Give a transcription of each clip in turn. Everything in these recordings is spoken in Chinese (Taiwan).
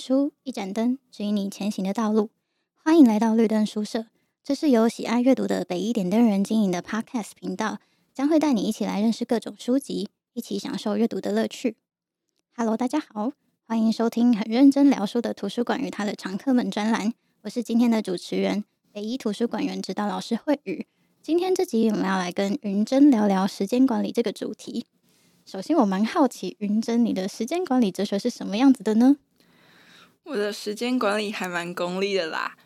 書一盞燈，指引你前行的道路。歡迎來到綠燈書社，這是由喜愛閱讀的北醫點燈人經營的 Podcast 頻道，將會帶你一起來認識各種書籍，一起享受閱讀的樂趣。哈嘍，大家好，歡迎收聽很認真聊書的圖書館與它的常客們專欄。我是今天的主持人，北醫圖書館員指導老師蕙宇。今天這集我們要來跟昀臻聊聊時間管理這個主題。首先，我蠻好奇昀臻你的時間管理哲學是什麼樣子的呢？我的時間管理還蠻功利的啦，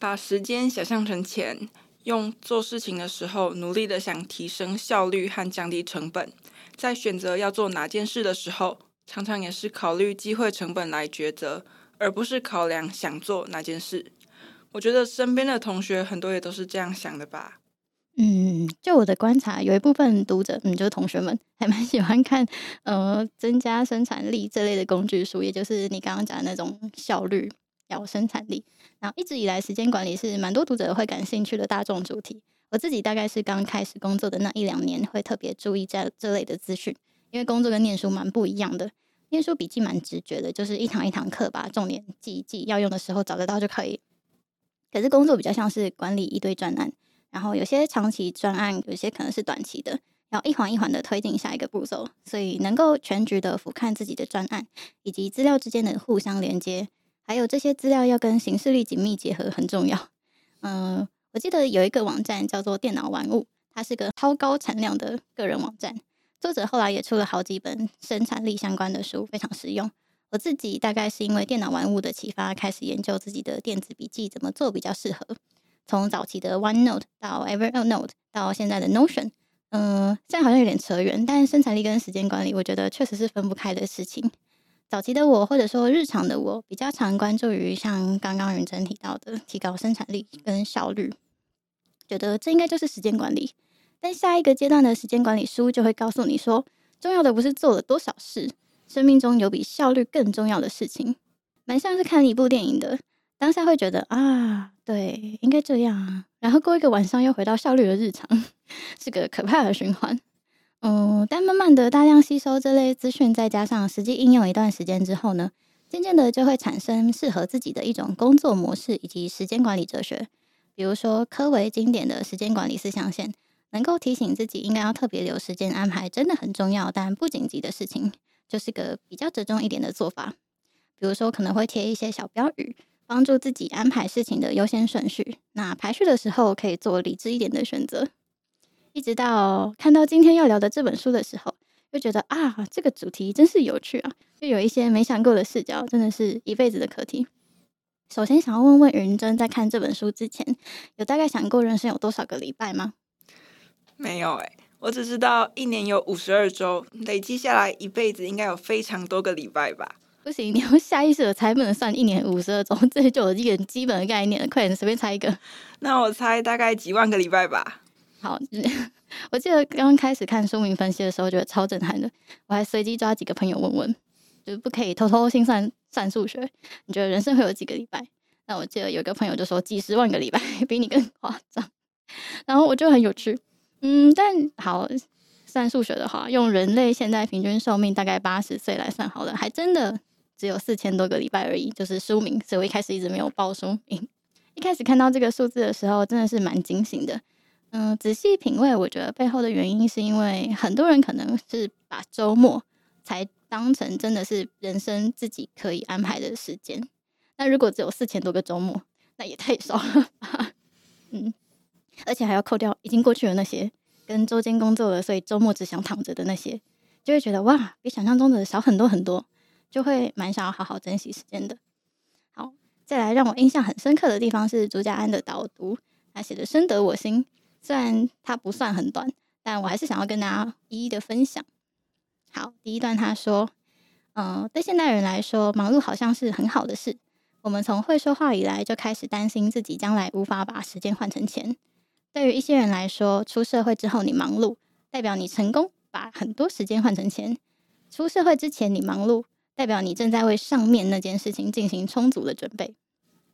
把時間想象成錢，用做事情的時候努力的想提升效率和降低成本，在選擇要做哪件事的時候，常常也是考慮機會成本來抉擇，而不是考量想做哪件事。我覺得身邊的同學很多也都是這樣想的吧。嗯，就我的觀察，有一部分讀者，嗯，就是同學們，還蠻喜歡看，呃，增加生產力這類的工具書，也就是你剛剛講的那種效率然後生產力。然後一直以來，時間管理是蠻多讀者會感興趣的大眾主題。我自己大概是剛開始工作的那一兩年，會特別注意在這類的資訊，因為工作跟唸書蠻不一樣的。唸書筆記蠻直覺的，就是一堂一堂課吧，重點記一記，要用的時候找得到就可以。可是工作比較像是管理一堆專案。然後有些長期專案，有些可能是短期的，要一環一環的推進下一個步驟，所以能夠全局的俯瞰自己的專案以及資料之間的互相連接，還有這些資料要跟形式力緊密結合很重要。嗯，我記得有一個網站叫做電腦玩物，它是個超高產量的個人網站，作者後來也出了好幾本生產力相關的書，非常實用。我自己大概是因為電腦玩物的啟發，開始研究自己的電子筆記怎麼做比較適合。從早期的 OneNote 到 Evernote 到現在的 Notion，嗯、呃，現在好像有點扯遠，但是生產力跟時間管理，我覺得確實是分不開的事情。早期的我或者說日常的我，比較常關注於像剛剛昀臻提到的提高生產力跟效率，覺得這應該就是時間管理。但下一個階段的時間管理書就會告訴你說，重要的不是做了多少事，生命中有比效率更重要的事情，蠻像是看一部電影的。當下會覺得啊，對，應該這樣啊。然後過一個晚上，又回到效率的日常，是個可怕的循環。嗯、呃，但慢慢的大量吸收這類資訊，再加上實際應用一段時間之後呢，漸漸的就會產生適合自己的一種工作模式以及時間管理哲學。比如說科維經典的時間管理四象限，能夠提醒自己應該要特別留時間安排真的很重要但不緊急的事情，就是個比較折中一點的做法。比如說可能會貼一些小標語。幫助自己安排事情的優先順序。那排序的時候可以做理智一點的選擇。一直到看到今天要聊的這本書的時候，就覺得啊，這個主題真是有趣啊！又有一些沒想過的視角，真的是一輩子的課題。首先，想要問問昀臻，在看這本書之前，有大概想過人生有多少個禮拜嗎？沒有哎、欸，我只知道一年有五十二週，累積下來一輩子應該有非常多個禮拜吧。不行，你要下意識的猜，不能算一年五十二週。這就有點基本的概念，快點隨便猜一個。那我猜大概幾萬個禮拜吧。好，我記得剛剛開始看書名分析的時候，覺得超震撼的。我還隨機抓幾個朋友問問，就是不可以偷偷心算算數學。你覺得人生會有幾個禮拜？那我記得有一個朋友就說幾十萬個禮拜，比你更誇張。然後我就很有趣，嗯，但好算數學的話，用人類現在平均壽命大概八十歲來算好了，還真的。只有四千多個禮拜而已，就是書名。所以我一開始一直沒有報書名。一、哎、一開始看到這個數字的時候，真的是蠻驚醒的。嗯，仔細品味，我覺得背後的原因是因為很多人可能是把週末才當成真的是人生自己可以安排的時間。那如果只有四千多個週末，那也太少了吧？ 嗯，而且還要扣掉已經過去的那些跟週間工作了，所以週末只想躺着的那些，就會覺得哇，比想象中的少很多很多。就會蠻想要好好珍惜時間的。好，再來讓我印象很深刻的地方是朱家安的導讀，他寫的深得我心。雖然他不算很短，但我還是想要跟大家一一的分享。好，第一段他說：“嗯、呃，對現代人來說，忙碌好像是很好的事。我們從會說話以來，就開始擔心自己將來無法把時間換成錢。對於一些人來說，出社會之後你忙碌，代表你成功把很多時間換成錢；出社會之前你忙碌。”代表你正在為上面那件事情進行充足的準備。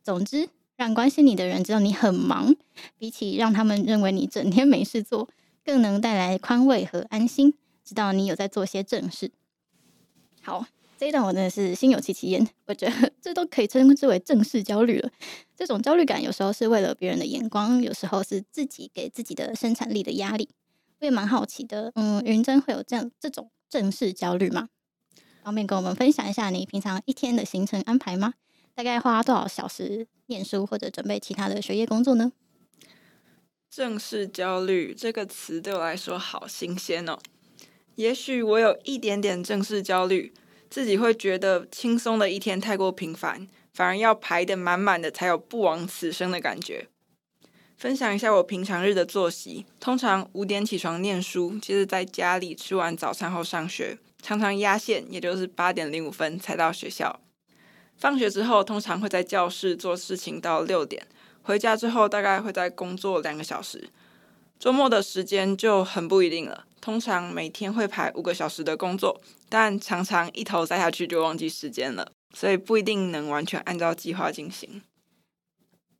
總之，讓關心你的人知道你很忙，比起讓他們認為你整天沒事做，更能帶來寬慰和安心。知道你有在做些正事。好，這一段我真的是心有戚戚焉。我覺得這都可以稱之為正事焦慮了。這種焦慮感有時候是為了別人的眼光，有時候是自己給自己的生產力的壓力。我也蠻好奇的，嗯，昀臻會有這樣這種正事焦慮嗎？方便跟我們分享一下你平常一天的行程安排嗎？大概花多少小時念書或者準備其他的學業工作呢？正事焦慮這個詞對我來說好新鮮哦。也許我有一點點正事焦慮，自己會覺得輕鬆的一天太過平凡，反而要排得滿滿的才有不枉此生的感覺。分享一下我平常日的作息，通常五點起床念書，接着在家裡吃完早餐後上學。常常壓線，也就是八點零五分才到學校。放學之後，通常會在教室做事情到六點。回家之後，大概會再工作兩個小時。周末的時間就很不一定了。通常每天會排五個小時的工作，但常常一頭栽下去就忘記時間了，所以不一定能完全按照計劃進行。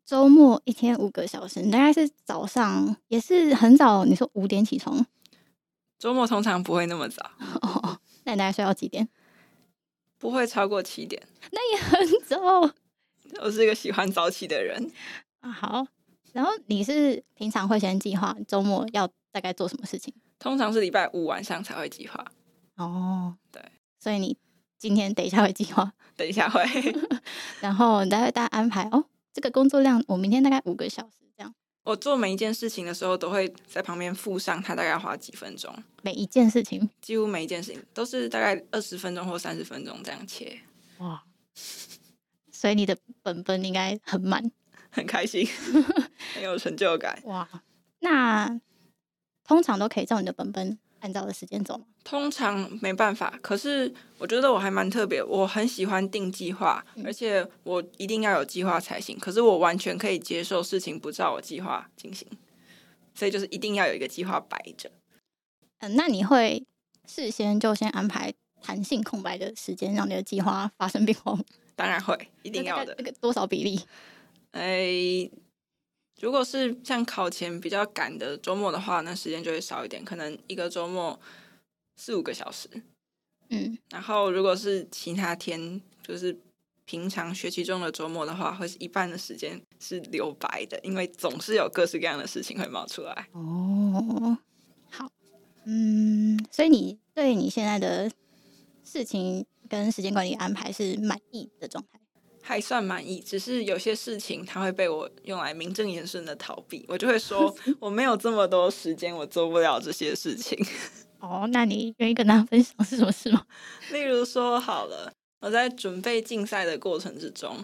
周末一天五個小時，大概是早上也是很早。你說五點起床？周末通常不會那麼早。Oh. 那你大概睡到幾點？不會超過七點。那也很早。我是一個喜歡早起的人啊。好，然後你是平常會先計劃週末要大概做什麼事情？通常是禮拜五晚上才會計劃。哦，對，所以你今天等一下會計劃，等一下會。 然後你待會大家安排哦，這個工作量我明天大概五個小時這樣。我做每一件事情的時候，都會在旁邊附上它大概花幾分鐘。每一件事情，幾乎每一件事情都是大概二十分鐘或三十分鐘這樣切。哇， 所以你的本本應該很滿，很開心， 很有成就感。哇，那通常都可以照你的本本。按照的時間走，通常沒辦法。可是我覺得我還蠻特別，我很喜歡定計劃，嗯、而且我一定要有計劃才行。可是我完全可以接受事情不照我計劃進行，所以就是一定要有一個計劃擺着。嗯，那你會事先就先安排彈性空白的時間，讓你的計劃發生變化？當然會，一定要的。那個多少比例？哎。如果是像考前比較趕的周末的話，那時間就會少一點，可能一個周末四五個小時。嗯，然後如果是其他天，就是平常學期中的周末的話，會是一半的時間是留白的，因為總是有各式各樣的事情會冒出來。哦，好，嗯，所以你對你現在的事情跟時間管理安排是滿意的狀態？還算滿意，只是有些事情他會被我用來名正言順的逃避，我就會說我沒有這麼多時間，我做不了這些事情。 哦，那你願意跟大家分享是什麼事嗎？例如說，好了，我在準備競賽的過程之中，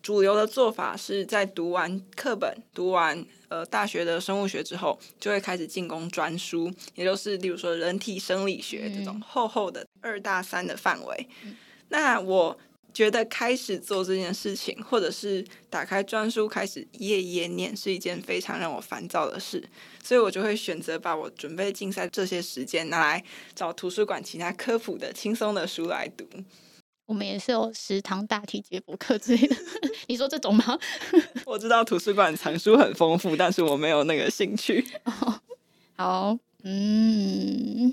主流的做法是在讀完課本、讀完呃大學的生物學之後，就會開始進攻專書，也就是例如說人體生理學這種厚厚的二大三的範圍。嗯、那我。覺得開始做這件事情，或者是打開專書開始夜夜念，是一件非常讓我煩躁的事，所以我就會選擇把我準備競賽這些時間拿來找圖書館其他科普的輕鬆的書來讀。我們也是有食堂大體積補課之類的， 你說這種嗎？ 我知道圖書館藏書很豐富，但是我沒有那個興趣。Oh, 好，嗯，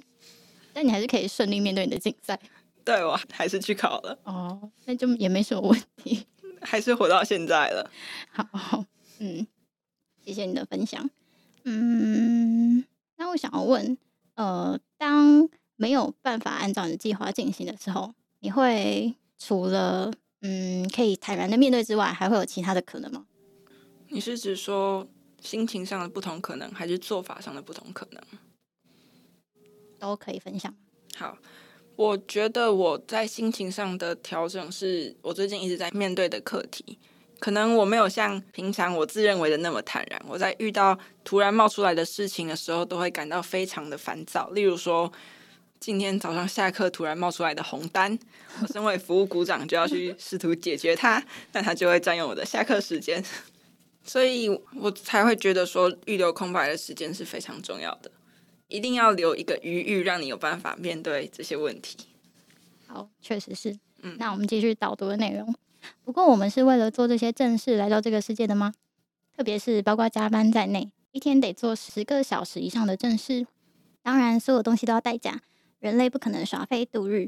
但你還是可以順利面對你的競賽。對，我還是去考了。哦，那就也沒什麼問題，還是活到現在了。好，嗯，謝謝你的分享。嗯，那我想要問，呃，當沒有辦法按照你的計劃進行的時候，你會除了嗯，可以坦然的面對之外，還會有其他的可能嗎？你是指說心情上的不同可能，還是做法上的不同可能？都可以分享。好。我覺得我在心情上的調整是我最近一直在面對的課題。可能我沒有像平常我自認為的那麼坦然。我在遇到突然冒出來的事情的時候，都會感到非常的煩躁。例如說，今天早上下課突然冒出來的紅單，我身為服務股長就要去試圖解決它，但它就會占用我的下課時間，所以我才會覺得說預留空白的時間是非常重要的。一定要留一個餘裕，讓你有辦法面對這些問題。好，確實是。嗯，那我們繼續導讀的內容。不過，我們是為了做這些正事來到這個世界的嗎？特別是包括加班在內，一天得做十個小時以上的正事。當然，所有東西都要代價，人類不可能耍廢度日，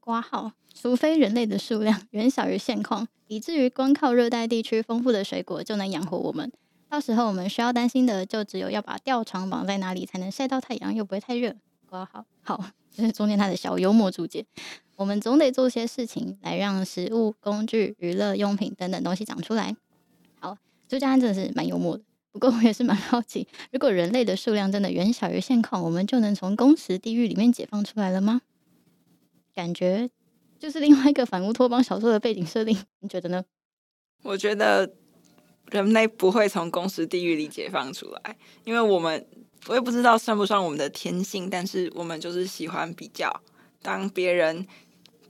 括號，除非人類的數量遠小於現況，以至於光靠熱帶地區豐富的水果就能養活我們。到時候我們需要擔心的就只有要把吊床綁在哪裡才能曬到太陽又不會太熱。好好，這，就是中間他的小幽默注解。我們總得做些事情來讓食物、工具、娛樂用品等等東西長出來。好，朱家安真的是蠻幽默的。不過我也是蠻好奇，如果人類的數量真的遠小於現況，我們就能從公時地獄裡面解放出來了嗎？感覺就是另外一個反烏托邦小說的背景設定。你覺得呢？我覺得。人類不會從工時地獄裡解放出來，因為我們，我也不知道算不算我們的天性，但是我們就是喜歡比較。當別人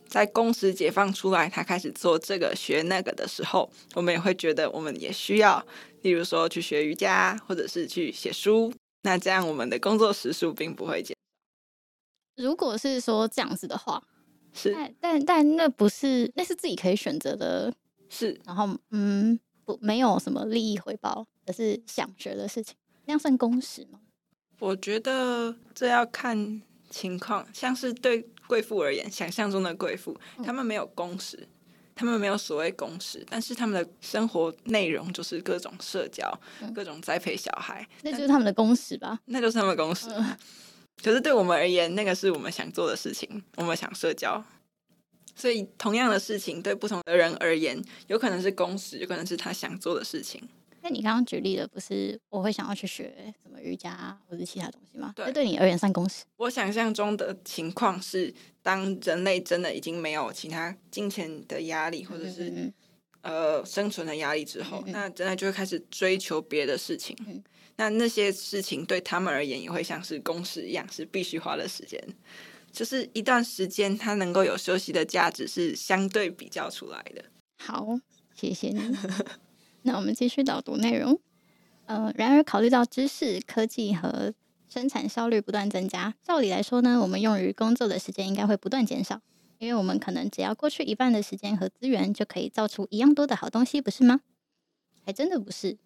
在工時解放出來，他開始做這個學那個的時候，我們也會覺得我們也需要，例如說去學瑜伽，或者是去寫書。那這樣我們的工作時數並不會減。如果是說這樣子的話，是，但但那不是，那是自己可以選擇的，是。然後，嗯。沒有什麼利益回報，而是想學的事情，那算公事嗎？我覺得這要看情況，像是對貴婦而言，想象中的貴婦，他們沒有公事，他、嗯、們沒有所謂公事，但是他們的生活內容就是各種社交、嗯、各種栽培小孩那，那就是他們的公事吧？那就是他們的公事。可是對我們而言，那個是我們想做的事情，我們想社交。所以，同樣的事情對不同的人而言，有可能是公事，有可能是他想做的事情。那你剛剛舉例的，不是我會想要去學什麼瑜伽或者其他東西嗎？對，對你而言算公事。我想象中的情況是，當人類真的已經沒有其他金錢的壓力或者是嗯嗯嗯呃生存的壓力之後，嗯嗯嗯那真的就會開始追求別的事情。嗯嗯那那些事情對他們而言，也會像是公事一樣，是必須花的時間。就是一段時間，它能夠有休息的價值是相對比較出來的。好，謝謝你。 那我們繼續導讀內容。呃，然而考慮到知識、科技和生產效率不斷增加，照理來說呢，我們用於工作的時間應該會不斷減少，因為我們可能只要過去一半的時間和資源就可以造出一樣多的好東西，不是嗎？還真的不是。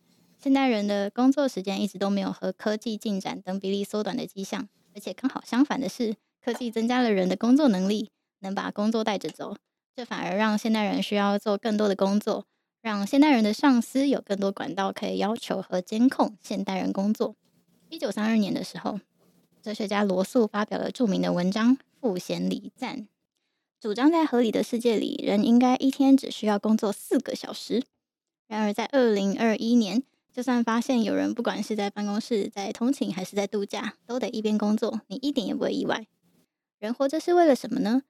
現代人的工作時間一直都沒有和科技進展等比例縮短的跡象，而且剛好相反的是。科技增加了人的工作能力，能把工作帶着走，這反而讓現代人需要做更多的工作，讓現代人的上司有更多管道可以要求和監控現代人工作。一九三二年的時候，哲學家羅素發表了著名的文章《賦閒禮讚》，主張在合理的世界裡，人應該一天只需要工作四個小時。然而，在二零二一年，就算發現有人不管是在辦公室、在通勤還是在度假，都得一邊工作，你一點也不會意外。人活着是為了什麼呢？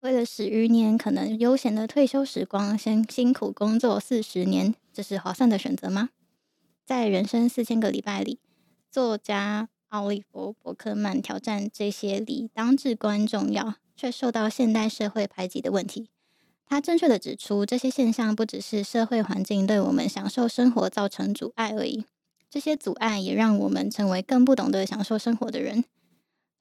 為了十餘年可能悠閒的退休時光，先辛苦工作四十年，這是划算的選擇嗎？在人生四千個禮拜裡，作家奧利佛·柏克曼挑戰這些理當至關重要，卻受到現代社會排擠的問題。他正確地指出，這些現象不只是社會環境對我們享受生活造成阻礙而已，這些阻礙也讓我們成為更不懂得享受生活的人。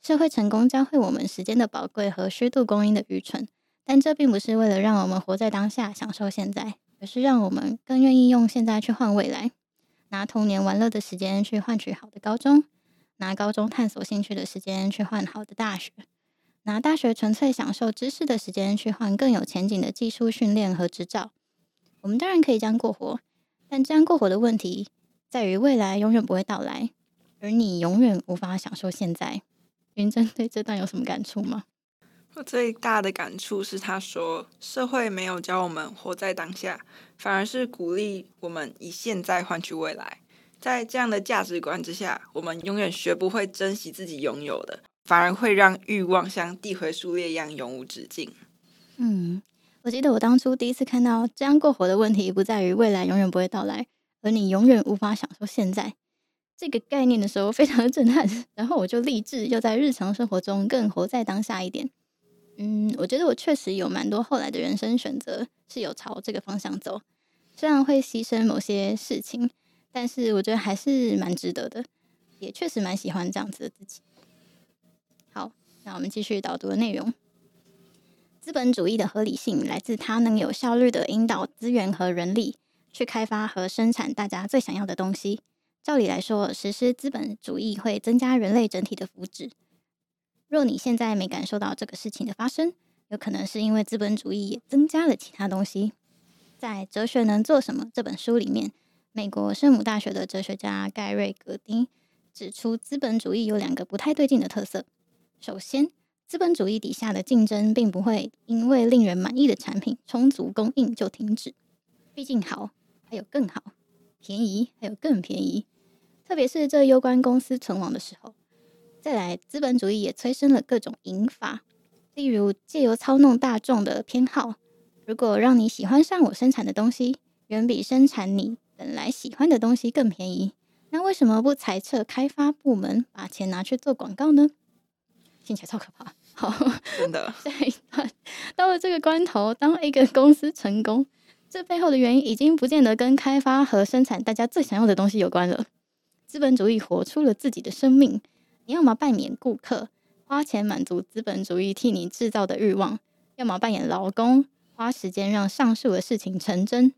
社會成功教會我們時間的寶貴和虛度光陰的愚蠢，但這並不是為了讓我們活在當下享受現在，而是讓我們更願意用現在去換未來，拿童年玩樂的時間去換取好的高中，拿高中探索興趣的時間去換好的大學，拿大學純粹享受知識的時間去換更有前景的技術訓練和執照。我們當然可以這樣過活，但這樣過活的問題在於未來永遠不會到來，而你永遠無法享受現在。昀臻對這段有什麼感觸嗎？我最大的感觸是，他說：“社會沒有教我們活在當下，反而是鼓勵我們以現在換取未來。在這樣的價值觀之下，我們永遠學不會珍惜自己擁有的，反而會讓慾望像遞迴數列一樣永無止境。”嗯，我記得我當初第一次看到這樣過活的問題，不在於未來永遠不會到來，而你永遠無法享受現在。這個概念的時候，非常的震撼，然後我就立志要在日常生活中更活在當下一點。嗯，我覺得我確實有蠻多後來的人生選擇是有朝這個方向走，雖然會犧牲某些事情，但是我覺得還是蠻值得的，也確實蠻喜歡這樣子的自己。好，那我們繼續導讀的內容。資本主義的合理性來自它能有效率的引導資源和人力去開發和生產大家最想要的東西。照理來說，實施資本主義會增加人類整體的福祉。若你現在沒感受到這個事情的發生，有可能是因為資本主義也增加了其他東西。在《哲學能做什麼》這本書裡面，美國聖母大學的哲學家蓋瑞·格丁指出，資本主義有兩個不太對勁的特色。首先，資本主義底下的競爭並不會因為令人滿意的產品充足供應就停止，畢竟好還有更好，便宜還有更便宜。特別是這攸關公司存亡的時候，再來，資本主義也催生了各種引法，例如借由操弄大眾的偏好。如果讓你喜歡上我生產的東西，遠比生產你本來喜歡的東西更便宜，那為什麼不裁撤開發部門，把錢拿去做廣告呢？聽起來超可怕。好，真的。下一段，到了這個關頭，當一個公司成功，這背後的原因已經不見得跟開發和生產大家最想要的東西有關了。資本主義活出了自己的生命。你要麼扮演顧客，花錢滿足資本主義替你制造的慾望；要麼扮演勞工，花時間讓上述的事情成真。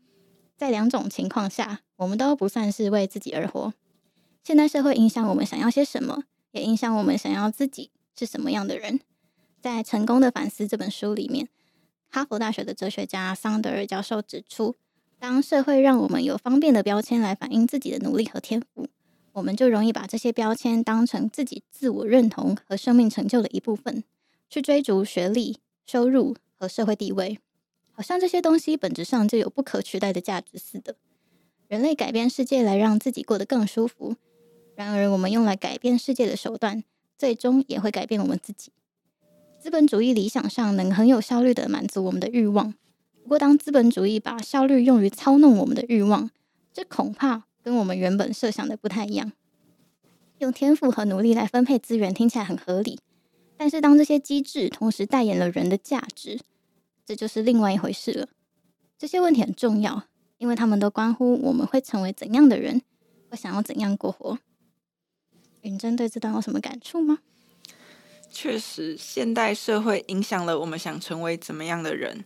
在兩種情況下，我們都不算是為自己而活。現代社會影響我們想要些什麼，也影響我們想要自己是什麼樣的人。在《成功的反思》這本書裡面，哈佛大學的哲學家桑德爾教授指出，當社會讓我們有方便的標籤來反映自己的努力和天賦。我們就容易把這些標籤當成自己自我認同和生命成就的一部分，去追逐學歷、收入和社會地位，好像這些東西本質上就有不可取代的價值似的。人類改變世界來讓自己過得更舒服，然而我們用來改變世界的手段，最終也會改變我們自己。資本主義理想上能很有效率地滿足我們的欲望，不過當資本主義把效率用於操弄我們的欲望，這恐怕，跟我們原本設想的不太一樣。用天賦和努力來分配資源聽起來很合理，但是當這些機制同時代言了人的價值，這就是另外一回事了。這些問題很重要，因為他們都關乎我們會成為怎樣的人，會想要怎樣過活。昀臻對這段有什麼感觸嗎？確實，現代社會影響了我們想成為怎麼樣的人。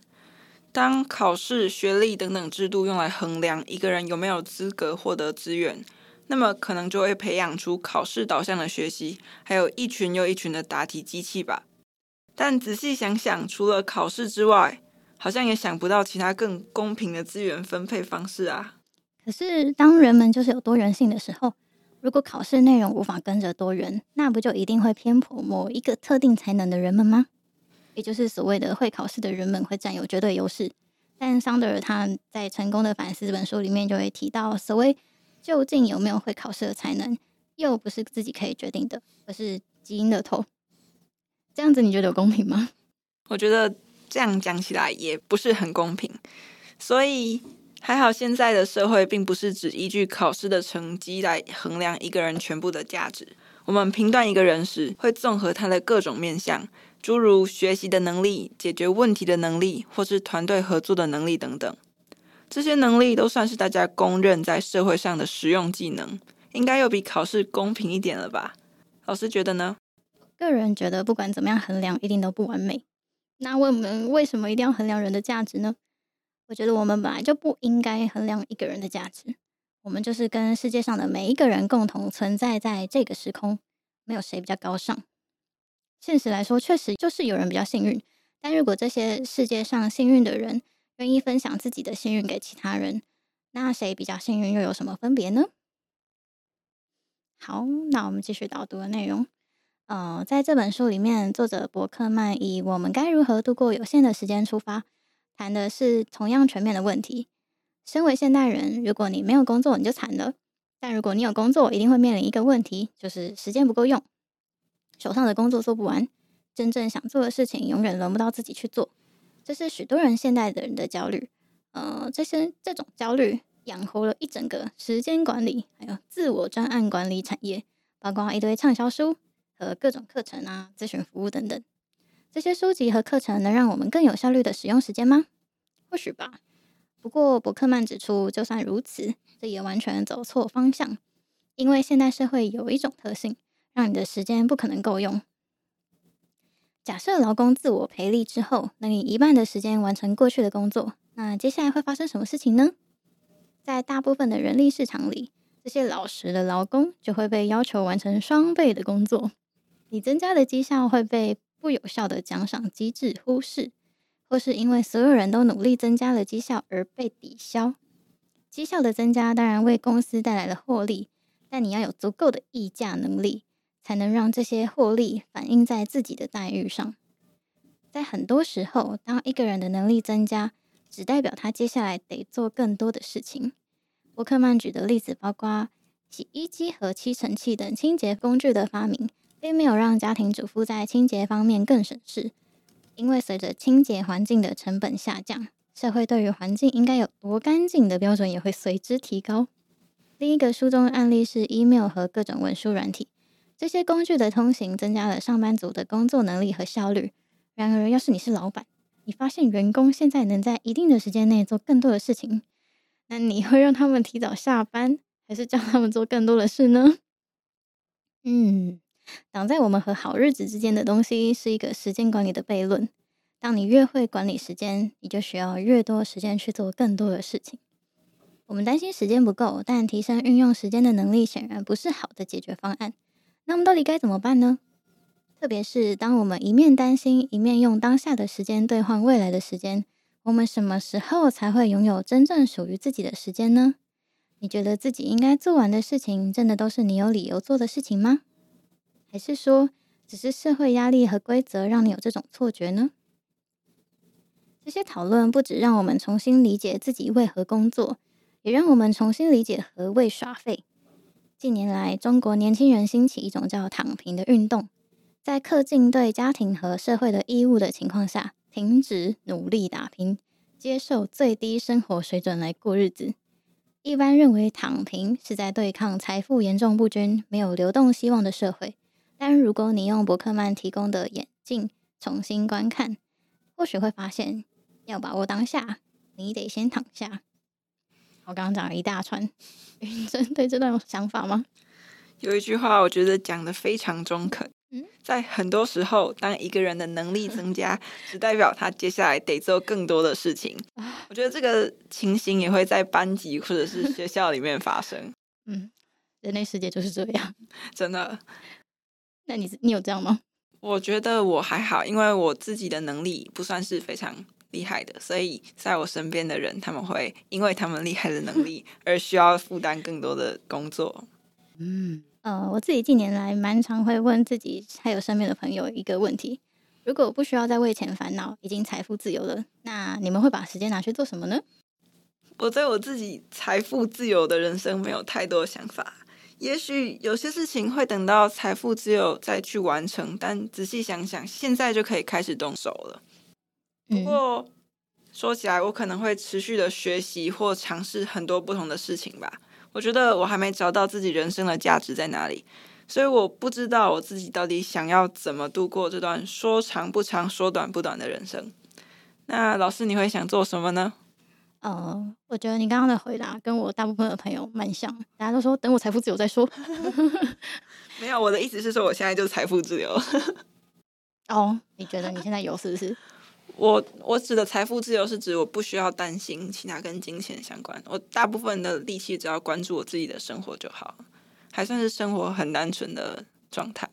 當考試、學歷等等制度用來衡量一個人有沒有資格獲得資源，那麼可能就會培養出考試導向的學習，還有一群又一群的答題機器吧。但仔細想想，除了考試之外，好像也想不到其他更公平的資源分配方式啊。可是，當人們就是有多元性的時候，如果考試內容無法跟着多元，那不就一定會偏頗某一個特定才能的人們嗎？也就是所謂的會考試的人們會佔有絕對優勢，但桑德爾他在《成功的反思》這本書裡面就會提到，所謂究竟有沒有會考試的才能，又不是自己可以決定的，而是基因的頭。這樣子你覺得公平嗎？我覺得這樣講起來也不是很公平，所以還好現在的社會並不是只依據考試的成績來衡量一個人全部的價值。我們評斷一個人時，會綜合他的各種面向。諸如學習的能力、解決問題的能力，或是團隊合作的能力等等，這些能力都算是大家公認在社會上的實用技能，應該又比考試公平一點了吧？老師覺得呢？個人覺得，不管怎麼樣衡量，一定都不完美。那問我們為什麼一定要衡量人的價值呢？我覺得我們本來就不應該衡量一個人的價值，我們就是跟世界上的每一個人共同存在在這個時空，沒有誰比較高尚。現實來說，確實就是有人比較幸運。但如果這些世界上幸運的人願意分享自己的幸運給其他人，那誰比較幸運又有什麼分別呢？好，那我們繼續導讀的內容。呃，在這本書裡面，作者柏克曼以“我們該如何度過有限的時間”出發，談的是同樣全面的問題。身為現代人，如果你沒有工作，你就慘了；但如果你有工作，一定會面臨一個問題，就是時間不夠用。手上的工作做不完，真正想做的事情永遠輪不到自己去做，這是許多人現代的人的焦慮。呃，這些這種焦慮養活了一整個時間管理，還有自我專案管理產業，包括一堆暢銷書和各種課程啊、諮詢服務等等。這些書籍和課程能讓我們更有效率的使用時間嗎？或許吧。不過柏克曼指出，就算如此，這也完全走錯方向，因為現代社會有一種特性。讓你的時間不可能夠用。假設勞工自我培力之後，能以一半的時間完成過去的工作，那接下來會發生什麼事情呢？在大部分的人力市場裡，這些老實的勞工就會被要求完成雙倍的工作。你增加的績效會被不有效的獎賞機制忽視，或是因為所有人都努力增加了績效而被抵消。績效的增加當然為公司帶來了獲利，但你要有足夠的議價能力，才能讓這些獲利反映在自己的待遇上。在很多時候，當一個人的能力增加，只代表他接下來得做更多的事情。柏克曼舉的例子包括洗衣機和吸塵器等清潔工具的發明，並沒有讓家庭主婦在清潔方面更省事，因為隨着清潔環境的成本下降，社會對於環境應該有多乾淨的標準也會隨之提高。另一個書中的案例是 email 和各種文書軟體。這些工具的通行增加了上班族的工作能力和效率。然而，要是你是老闆，你發現員工現在能在一定的時間內做更多的事情，那你會讓他們提早下班，還是叫他們做更多的事呢？嗯，擋在我們和好日子之間的東西是一個時間管理的悖論。當你越會管理時間，你就需要越多時間去做更多的事情。我們擔心時間不夠，但提升運用時間的能力顯然不是好的解決方案。那麼，到底該怎麼辦呢？特別是當我們一面擔心，一面用當下的時間兌換未來的時間，我們什麼時候才會擁有真正屬於自己的時間呢？你覺得自己應該做完的事情，真的都是你有理由做的事情嗎？還是說，只是社會壓力和規則讓你有這種錯覺呢？這些討論不止讓我們重新理解自己為何工作，也讓我們重新理解何謂耍廢。近年來，中國年輕人興起一種叫“躺平”的運動，在恪盡對家庭和社會的義務的情況下，停止努力打拼，接受最低生活水準來過日子。一般認為，躺平是在對抗財富嚴重不均、沒有流動希望的社會。但如果你用柏克曼提供的眼鏡重新觀看，或許會發現，要把握當下，你得先躺下。我剛剛講了一大串，你針對這段有想法嗎？有一句話，我覺得講得非常中肯。嗯，在很多時候，當一個人的能力增加， 只代表他接下來得做更多的事情。 我覺得這個情形也會在班級或者是學校裡面發生。嗯，人類世界就是這樣，真的。那你你有這樣嗎？我覺得我還好，因為我自己的能力不算是非常厲害的，所以在我身邊的人，他們會因為他們厲害的能力而需要負擔更多的工作。嗯，呃，我自己近年來蠻常會問自己還有身邊的朋友一個問題：如果我不需要再為錢煩惱，已經財富自由了，那你們會把時間拿去做什麼呢？我對我自己財富自由的人生沒有太多想法，也許有些事情會等到財富自由再去完成，但仔細想想，現在就可以開始動手了。嗯、不過說起來，我可能會持續的學習或嘗試很多不同的事情吧。我覺得我還沒找到自己人生的價值在哪裡，所以我不知道我自己到底想要怎麼度過這段說長不長、說短不短的人生。那老師，你會想做什麼呢？嗯、呃，我覺得你剛剛的回答跟我大部分的朋友蠻像，大家都說等我財富自由再說。 沒有，我的意思是說，我現在就財富自由。 哦，你覺得你現在有是不是？ 我我指的財富自由是指我不需要擔心其他跟金錢相關，我大部分的力氣只要關注我自己的生活就好，還算是生活很單純的狀態。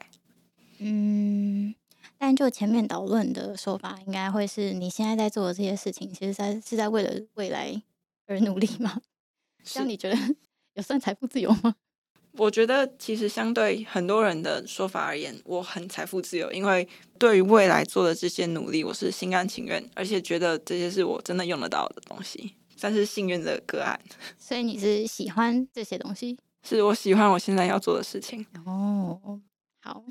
嗯，但就前面討論的說法，應該會是你現在在做的這些事情，其實是在是在為了未來而努力嗎？是這樣你覺得有算財富自由嗎？我覺得其實相對很多人的說法而言，我很財富自由，因為對於未來做的這些努力，我是心甘情願，而且覺得這些是我真的用得到的東西，算是幸運的個案。所以你是喜歡這些東西？是，我喜歡我現在要做的事情。哦，oh, 好。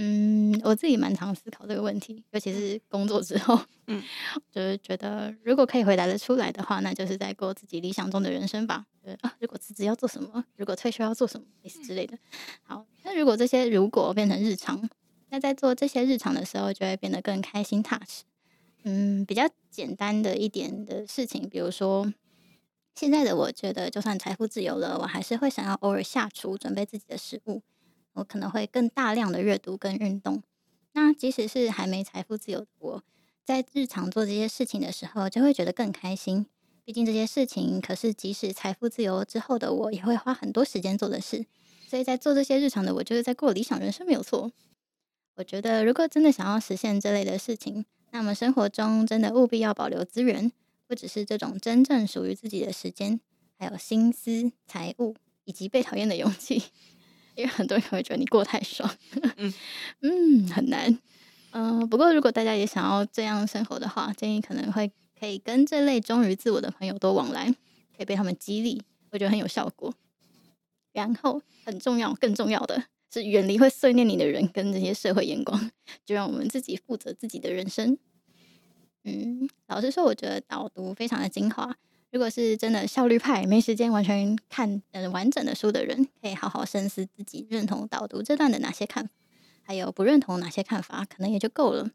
嗯，我自己蠻常思考這個問題，尤其是工作之後，嗯，就是覺得如果可以回答得出來的話，那就是在過自己理想中的人生吧。啊，如果辭職要做什麼，如果退休要做什麼、嗯、之類的。好，那如果這些如果變成日常，那在做這些日常的時候，就會變得更開心踏實。嗯，比較簡單的一點的事情，比如說現在的我覺得，就算財富自由了，我還是會想要偶爾下廚準備自己的食物。我可能會更大量的閱讀跟運動。那即使是還沒財富自由的我，我在日常做這些事情的時候，就會覺得更開心。畢竟這些事情，可是即使財富自由之後的我，也會花很多時間做的事。所以在做這些日常的，我就是在過理想人生，沒有錯。我覺得，如果真的想要實現這類的事情，那麼生活中真的務必要保留資源，不只是這種真正屬於自己的時間，還有心思、財務以及被討厭的勇氣。因為很多人會覺得你過得太爽 嗯，嗯，很難。嗯、呃，不過如果大家也想要這樣生活的話，建議可能會可以跟這類忠於自我的朋友多往來，可以被他們激勵，我覺得很有效果。然後很重要，更重要的是遠離會碎念你的人跟這些社會眼光，就讓我們自己負責自己的人生。嗯，老實說，我覺得導讀非常的精華。如果是真的效率派，沒時間完全看、呃、完整的書的人，可以好好深思自己認同導讀這段的哪些看法，還有不認同哪些看法，可能也就夠了。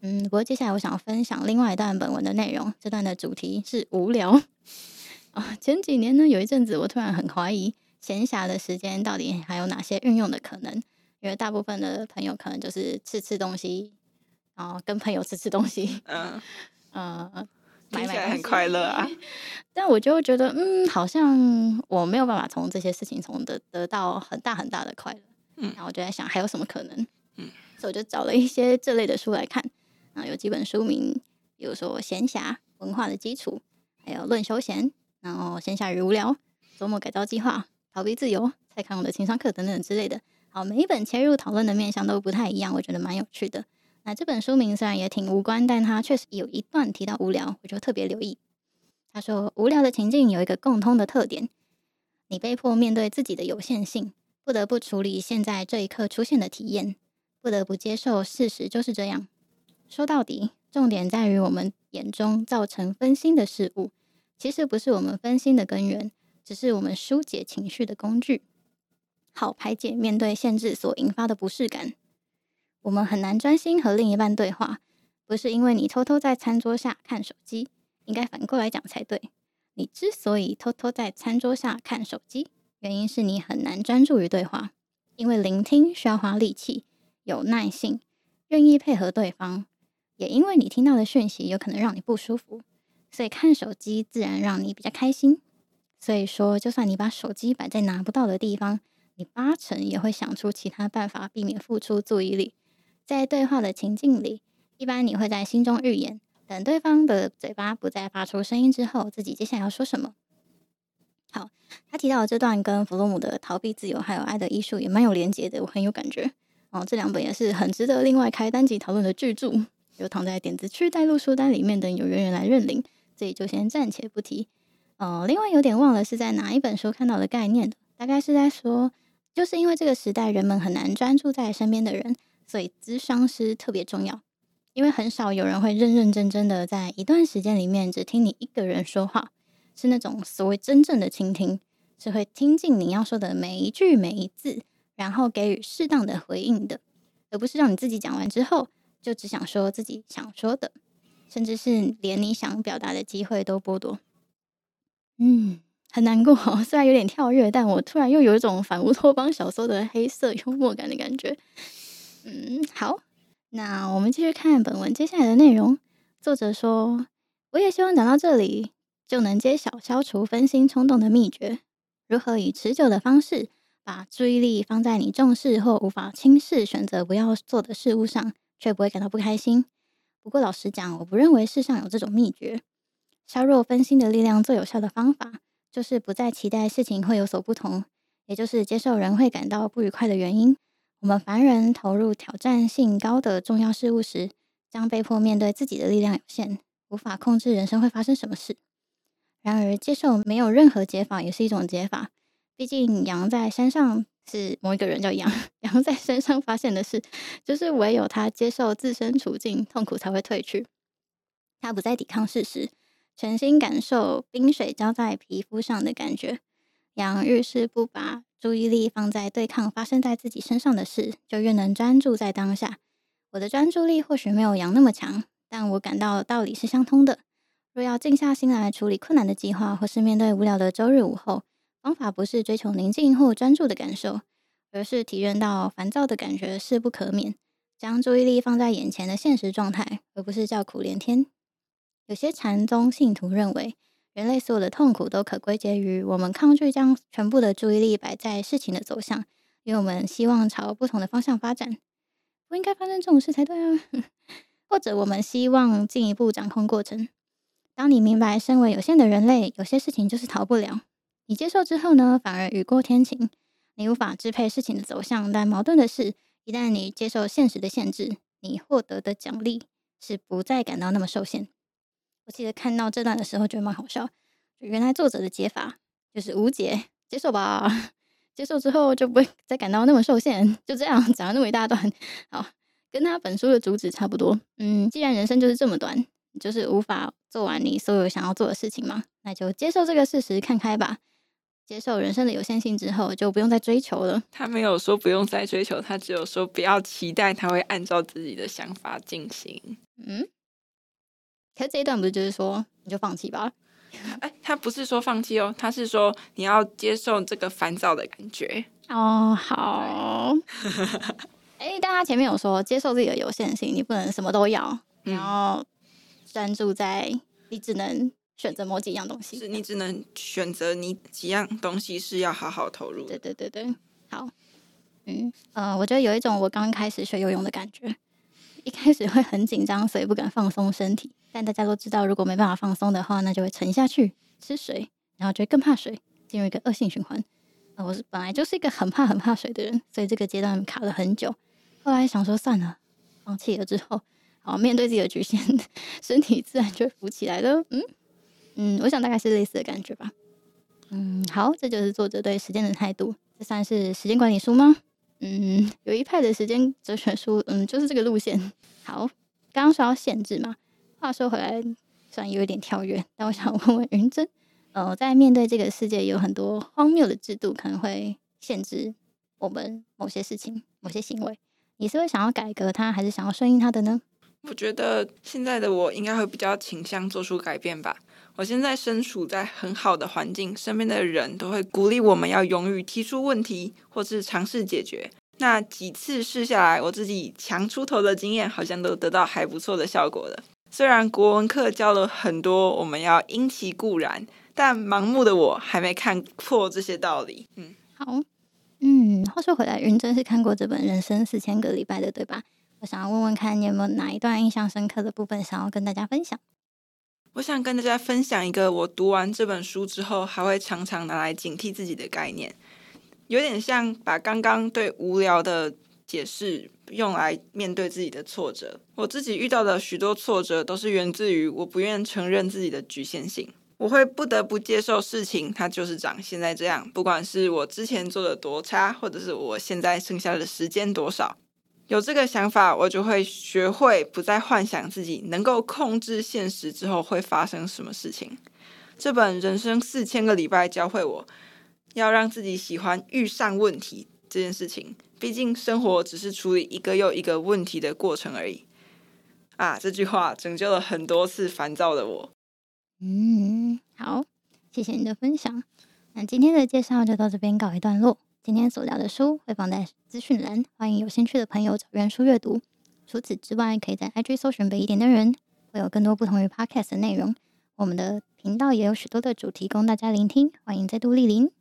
嗯，不過接下來我想分享另外一段本文的內容。這段的主題是無聊。啊，前幾年呢，有一陣子我突然很懷疑閒暇、暇的時間到底還有哪些運用的可能，因為大部分的朋友可能就是吃吃東西，然、啊、後跟朋友吃吃東西。嗯嗯、Uh. 啊。聽起來很快樂啊買買，但我就覺得，嗯，好像我沒有辦法從這些事情從得得到很大很大的快樂。嗯，然後我就在想，還有什麼可能？嗯，所以我就找了一些這類的書來看。啊，有幾本書名，比如說《閒暇文化的基礎》，還有《論休閒》，然後《閒暇與無聊》，《周末改造計劃》，《逃避自由》，蔡康永的情商課等等之類的。好，每一本切入討論的面向都不太一樣，我覺得蠻有趣的。那這本書名雖然也挺無關，但它確實有一段提到無聊，我就特別留意。他說，無聊的情境有一個共通的特點：你被迫面對自己的有限性，不得不處理現在這一刻出現的體驗，不得不接受事實就是這樣。說到底，重點在於我們眼中造成分心的事物，其實不是我們分心的根源，只是我們疏解情緒的工具，好排解面對限制所引發的不適感。我們很難專心和另一半對話，不是因為你偷偷在餐桌下看手機，應該反過來講才對。你之所以偷偷在餐桌下看手機，原因是你很難專注於對話，因為聆聽需要花力氣、有耐性、願意配合對方，也因為你聽到的訊息有可能讓你不舒服，所以看手機自然讓你比較開心。所以說，就算你把手機擺在拿不到的地方，你八成也會想出其他辦法避免付出注意力。在對話的情境裡，一般你會在心中預言，等對方的嘴巴不再發出聲音之後，自己接下來要說什麼。好，他提到這段跟弗洛姆的《逃避自由》還有《愛的藝術》也蠻有連結的，我很有感覺哦。這兩本也是很值得另外開單集討論的巨著，有躺在點子區待錄書單裡面，等有緣人來認領，這裡就先暫且不提。呃、哦，另外有點忘了是在哪一本書看到的概念，大概是在說，就是因為這個時代，人們很難專注在身邊的人。所以諮商師特別重要，因為很少有人會認認真真的在一段時間裡面只聽你一個人說話，是那種所謂真正的傾聽，是會聽進你要說的每一句每一字，然後給予適當的回應的，而不是讓你自己講完之後就只想說自己想說的，甚至是連你想表達的機會都剝奪。嗯，很難過，雖然有點跳躍，但我突然又有一種反烏托邦小說的黑色幽默感的感覺。嗯，好，那我們繼續看本文接下來的內容。作者說：“我也希望講到這裡就能揭曉消除分心衝動的秘訣，如何以持久的方式把注意力放在你重視或無法輕視、選擇不要做的事物上，卻不會感到不開心。不過，老實講，我不認為世上有這種秘訣。削弱分心的力量最有效的方法，就是不再期待事情會有所不同，也就是接受人會感到不愉快的原因。”我們凡人投入挑戰性高的重要事物時，將被迫面對自己的力量有限，無法控制人生會發生什麼事。然而，接受沒有任何解法也是一種解法。畢竟，羊在山上是某一個人叫羊，羊在山上發現的事，就是唯有他接受自身處境，痛苦才會退去。他不再抵抗事實，全心感受冰水澆在皮膚上的感覺。羊遇事不拔。注意力放在對抗發生在自己身上的事，就越能專注在當下。我的專注力或許沒有羊那麼強，但我感到道理是相通的。若要靜下心來處理困難的計劃，或是面對無聊的周日午後，方法不是追求寧靜或專注的感受，而是體驗到煩躁的感覺勢不可免。將注意力放在眼前的現實狀態，而不是叫苦連天。有些禪宗信徒認為，人類所有的痛苦都可歸結於我們抗拒將全部的注意力擺在事情的走向，因為我們希望朝不同的方向發展。不應該發生這種事才對啊！ 或者我們希望進一步掌控過程。當你明白身為有限的人類，有些事情就是逃不了。你接受之後呢，反而雨過天晴。你無法支配事情的走向，但矛盾的是，一旦你接受現實的限制，你獲得的獎勵是不再感到那麼受限。我記得看到這段的時候覺得蠻好笑，就原來作者的解法就是無解，接受吧，接受之後就不會再感到那麼受限，就這樣講了那麼一大段，好，跟他本書的主旨差不多。嗯，既然人生就是這麼短，就是無法做完你所有想要做的事情嘛，那就接受這個事實，看開吧。接受人生的有限性之後，就不用再追求了。他沒有說不用再追求，他只有說不要期待他會按照自己的想法進行。嗯。可是這一段不是就是說你就放棄吧？哎、 欸，他不是說放棄哦，他是說你要接受這個煩躁的感覺哦。Oh, 好，哎、 欸，但他前面有說接受自己的有限性，你不能什麼都要，然後專注在你只能選擇某幾樣東西，是你只能選擇你幾樣東西是要好好投入。對對對對，好，嗯嗯、呃，我覺得有一種我剛開始學游泳的感覺。一開始會很緊張，所以不敢放鬆身體。但大家都知道，如果沒辦法放鬆的話，那就會沉下去，吃水，然後就更怕水，進入一個惡性循環。啊、呃，我是本來就是一個很怕、很怕水的人，所以這個階段卡了很久。後來想說算了，放棄了之後，好面對自己的局限，身體自然就浮起來了。嗯嗯，我想大概是類似的感覺吧。嗯，好，這就是作者對時間的態度。這算是時間管理書嗎？嗯，有一派的時間哲學書，嗯，就是這個路線。好，剛剛說到限制嘛，話說回來，雖然有點跳躍，但我想問問昀臻，呃，在面對這個世界有很多荒謬的制度，可能會限制我們某些事情、某些行為，你是會想要改革它，還是想要順應它的呢？我覺得現在的我應該會比較傾向做出改變吧。我現在身處在很好的環境，身邊的人都會鼓勵我們要勇於提出問題，或是嘗試解決。那幾次試下來，我自己強出頭的經驗，好像都得到還不錯的效果了。雖然國文課教了很多我們要因其固然，但盲目的我還沒看破這些道理。嗯，好，嗯，話說回來，昀臻是看過這本《人生四千個禮拜》的，對吧？我想要問問看你有沒有哪一段印象深刻的部分，想要跟大家分享。我想跟大家分享一個我讀完這本書之後還會常常拿來警惕自己的概念，有點像把剛剛對無聊的解釋用來面對自己的挫折。我自己遇到的許多挫折都是源自於我不願承認自己的局限性，我會不得不接受事情它就是長現在這樣，不管是我之前做的多差，或者是我現在剩下的時間多少。有這個想法，我就會學會不再幻想自己能夠控制現實之後會發生什麼事情。這本《人生四千個禮拜》教會我要讓自己喜歡遇上問題這件事情。畢竟，生活只是處理一個又一個問題的過程而已。啊，這句話拯救了很多次煩躁的我。嗯，好，謝謝你的分享。那今天的介紹就到這邊告一段落。今天所聊的書會放在資訊欄，歡迎有興趣的朋友找原書閱讀。除此之外，可以在 IG 搜尋“北一點的人”，會有更多不同於 Podcast 的內容。我們的頻道也有許多的主題供大家聆聽，歡迎再度蒞臨。